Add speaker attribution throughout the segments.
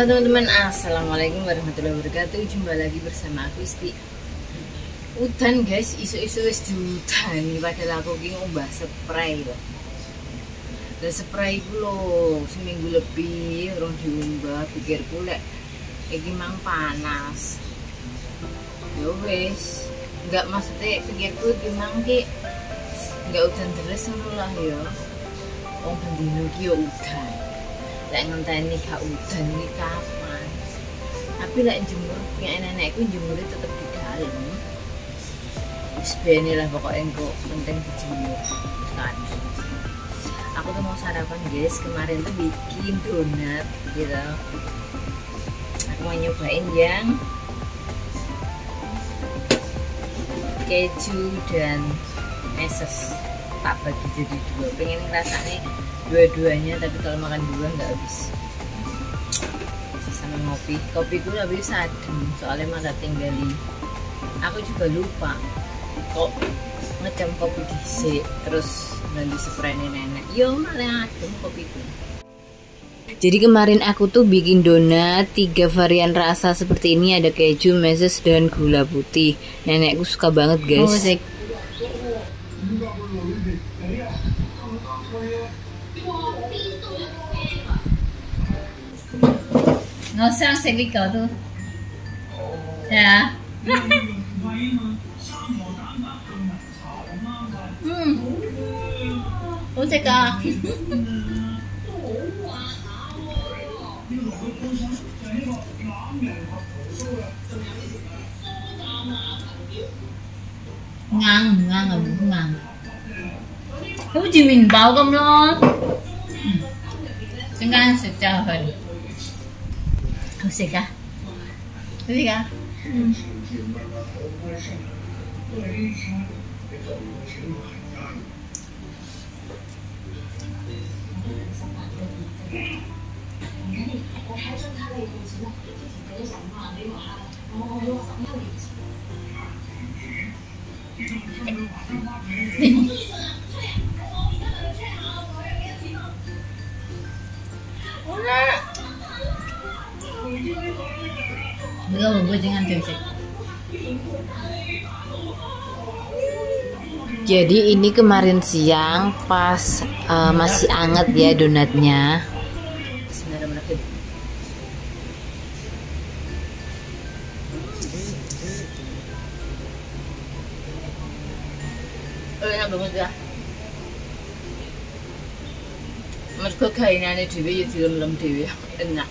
Speaker 1: Halo teman-teman, Assalamualaikum warahmatullahi wabarakatuh Jumpa lagi bersama aku Isti Udan guys, isu-isu wis diudani Padahal aku ini ngubah spray loh Dan spray itu loh, seminggu lebih Orang diumbah, pikir pula Ini memang panas Ya wis Enggak maksudnya pikir pikirku memang ki Enggak udan terus lah ya Oh, bendino ki ya udan lek ngenteni gak udan iki kapan tapi lek jemur punya nenekku jemure tetep di dalam wis lah pokoknya engko penting dijemur kan aku tuh mau sarapan guys kemarin tuh bikin donat gitu aku mau nyobain yang keju dan meses tak bagi jadi dua pengen rasanya dua-duanya tapi kalau makan dua nggak habis sama kopi kopi gue nggak bisa soalnya malah tinggali aku juga lupa kok ngecam kopi dhisik terus ganti spray nenek yo iya, malah adem kopi gue jadi kemarin aku tuh bikin donat tiga varian rasa seperti ini ada keju, meses dan gula putih. Nenekku suka banget guys. Oh, 我想食呢個都係啊。嗯，好食㗎。ngang 唔啱啊，唔啱，好似麵包咁咯。陣間食就去。好食噶，嗰啊？噶。belum gue jangan cek gitu. jadi ini kemarin siang pas uh, masih anget ya donatnya. Enak oh, banget ya. Mas Marka kainane dhewe ya dilem-lem dhewe enak.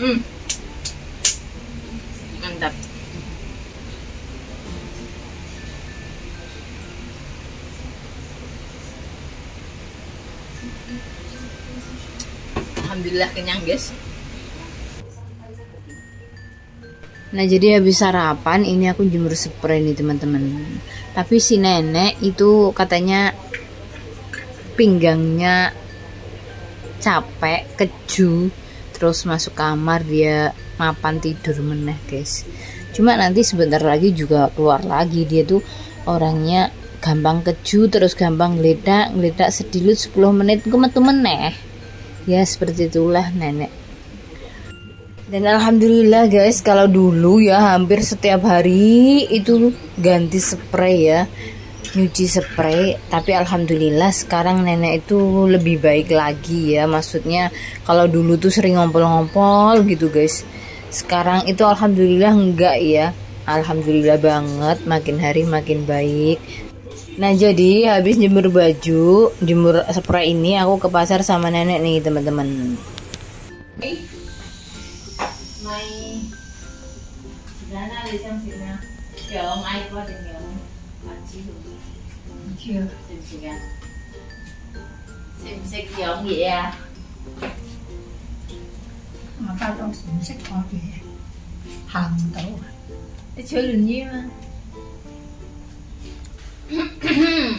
Speaker 1: Mm. mantap Alhamdulillah kenyang guys Nah jadi habis sarapan ini aku jemur spray nih teman-teman. Tapi si nenek itu katanya pinggangnya capek keju terus masuk kamar dia mapan tidur meneh guys cuma nanti sebentar lagi juga keluar lagi dia tuh orangnya gampang keju terus gampang ngeledak ngeledak sedilut 10 menit gue metu meneh ya seperti itulah nenek dan alhamdulillah guys kalau dulu ya hampir setiap hari itu ganti spray ya nyuci spray tapi alhamdulillah sekarang nenek itu lebih baik lagi ya maksudnya kalau dulu tuh sering ngompol-ngompol gitu guys sekarang itu alhamdulillah enggak ya alhamdulillah banget makin hari makin baik nah jadi habis jemur baju jemur spray ini aku ke pasar sama nenek nih teman-teman my chưa xem xem à xem xem gì ông vậy à mà tao xem xem xịt có gì hàng đâu để chơi lần nhiêu mà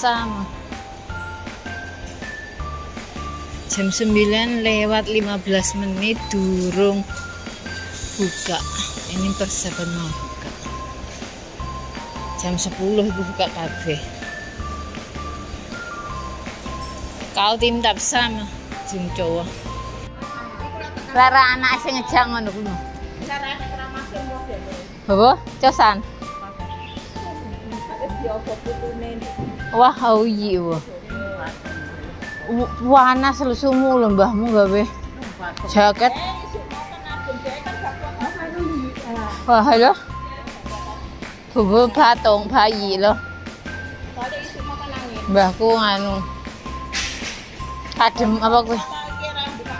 Speaker 1: pasang jam 9 lewat 15 menit durung buka ini persiapan mau buka jam 10 itu buka kafe kau tim tak sama jeng cowok Lara anak sing ngejak ngono kuwi. Lara anak ora masuk mbok ya. Apa? Cosan. Wis diopo putune Wah, auyi wah. Panas lho lho mbahmu gawe. Jaket. Wah, halo. Bubu patung bayi lho. Mbahku anu. Adem apa gue?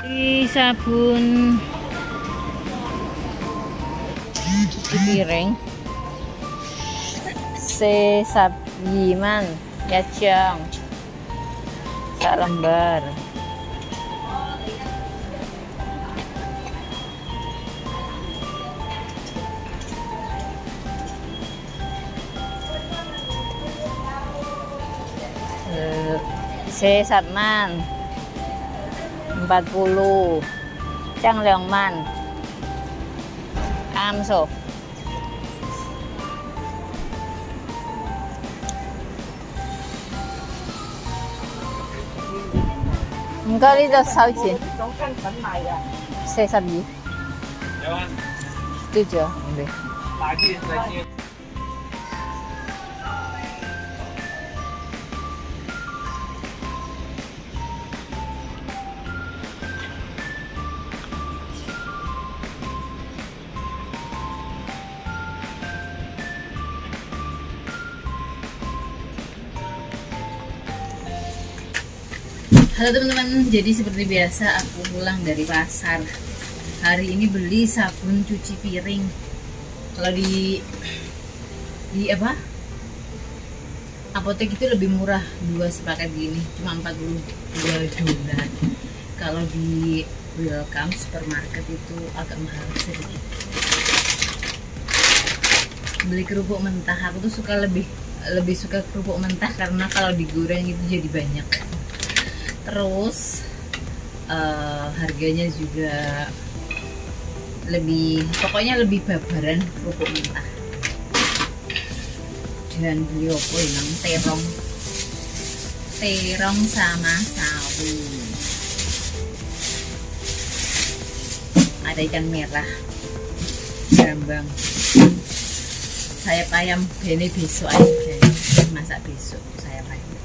Speaker 1: Di sabun cuci piring. Se sabiman. Yajang sak lembar C Satman 40 Cang Leongman Amso 唔该，呢度收钱。四十二。有啊，对住唔 Halo teman-teman, jadi seperti biasa aku pulang dari pasar Hari ini beli sabun cuci piring Kalau di di apa? Apotek itu lebih murah dua sepaket gini, cuma 42 dolar Kalau di Welcome supermarket itu agak mahal sedikit Beli kerupuk mentah, aku tuh suka lebih lebih suka kerupuk mentah karena kalau digoreng itu jadi banyak terus uh, harganya juga lebih pokoknya lebih babaran kerupuk mentah dan beliau pulang ya, nong terong terong sama sawi ada ikan merah gambang saya ayam ini besok aja masak besok saya ayam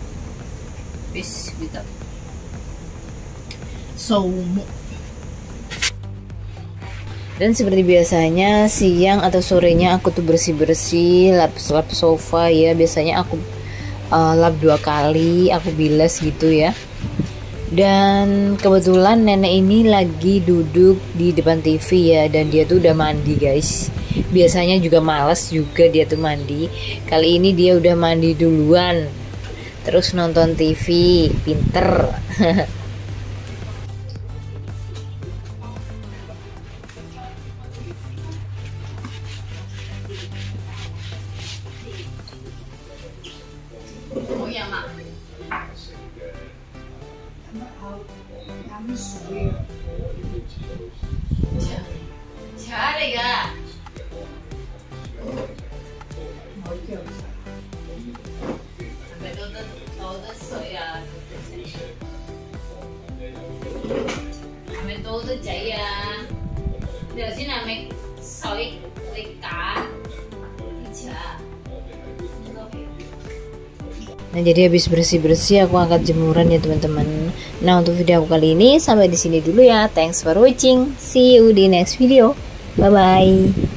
Speaker 1: bis gitu Soumo. Dan seperti biasanya siang atau sorenya aku tuh bersih-bersih, lap-lap sofa ya. Biasanya aku uh, lap dua kali, aku bilas gitu ya. Dan kebetulan nenek ini lagi duduk di depan TV ya dan dia tuh udah mandi guys. Biasanya juga males juga dia tuh mandi. Kali ini dia udah mandi duluan. Terus nonton TV, pinter. Nah, jadi habis bersih-bersih aku angkat jemuran ya, teman-teman. Nah, untuk video aku kali ini sampai di sini dulu ya. Thanks for watching. See you di next video. Bye bye.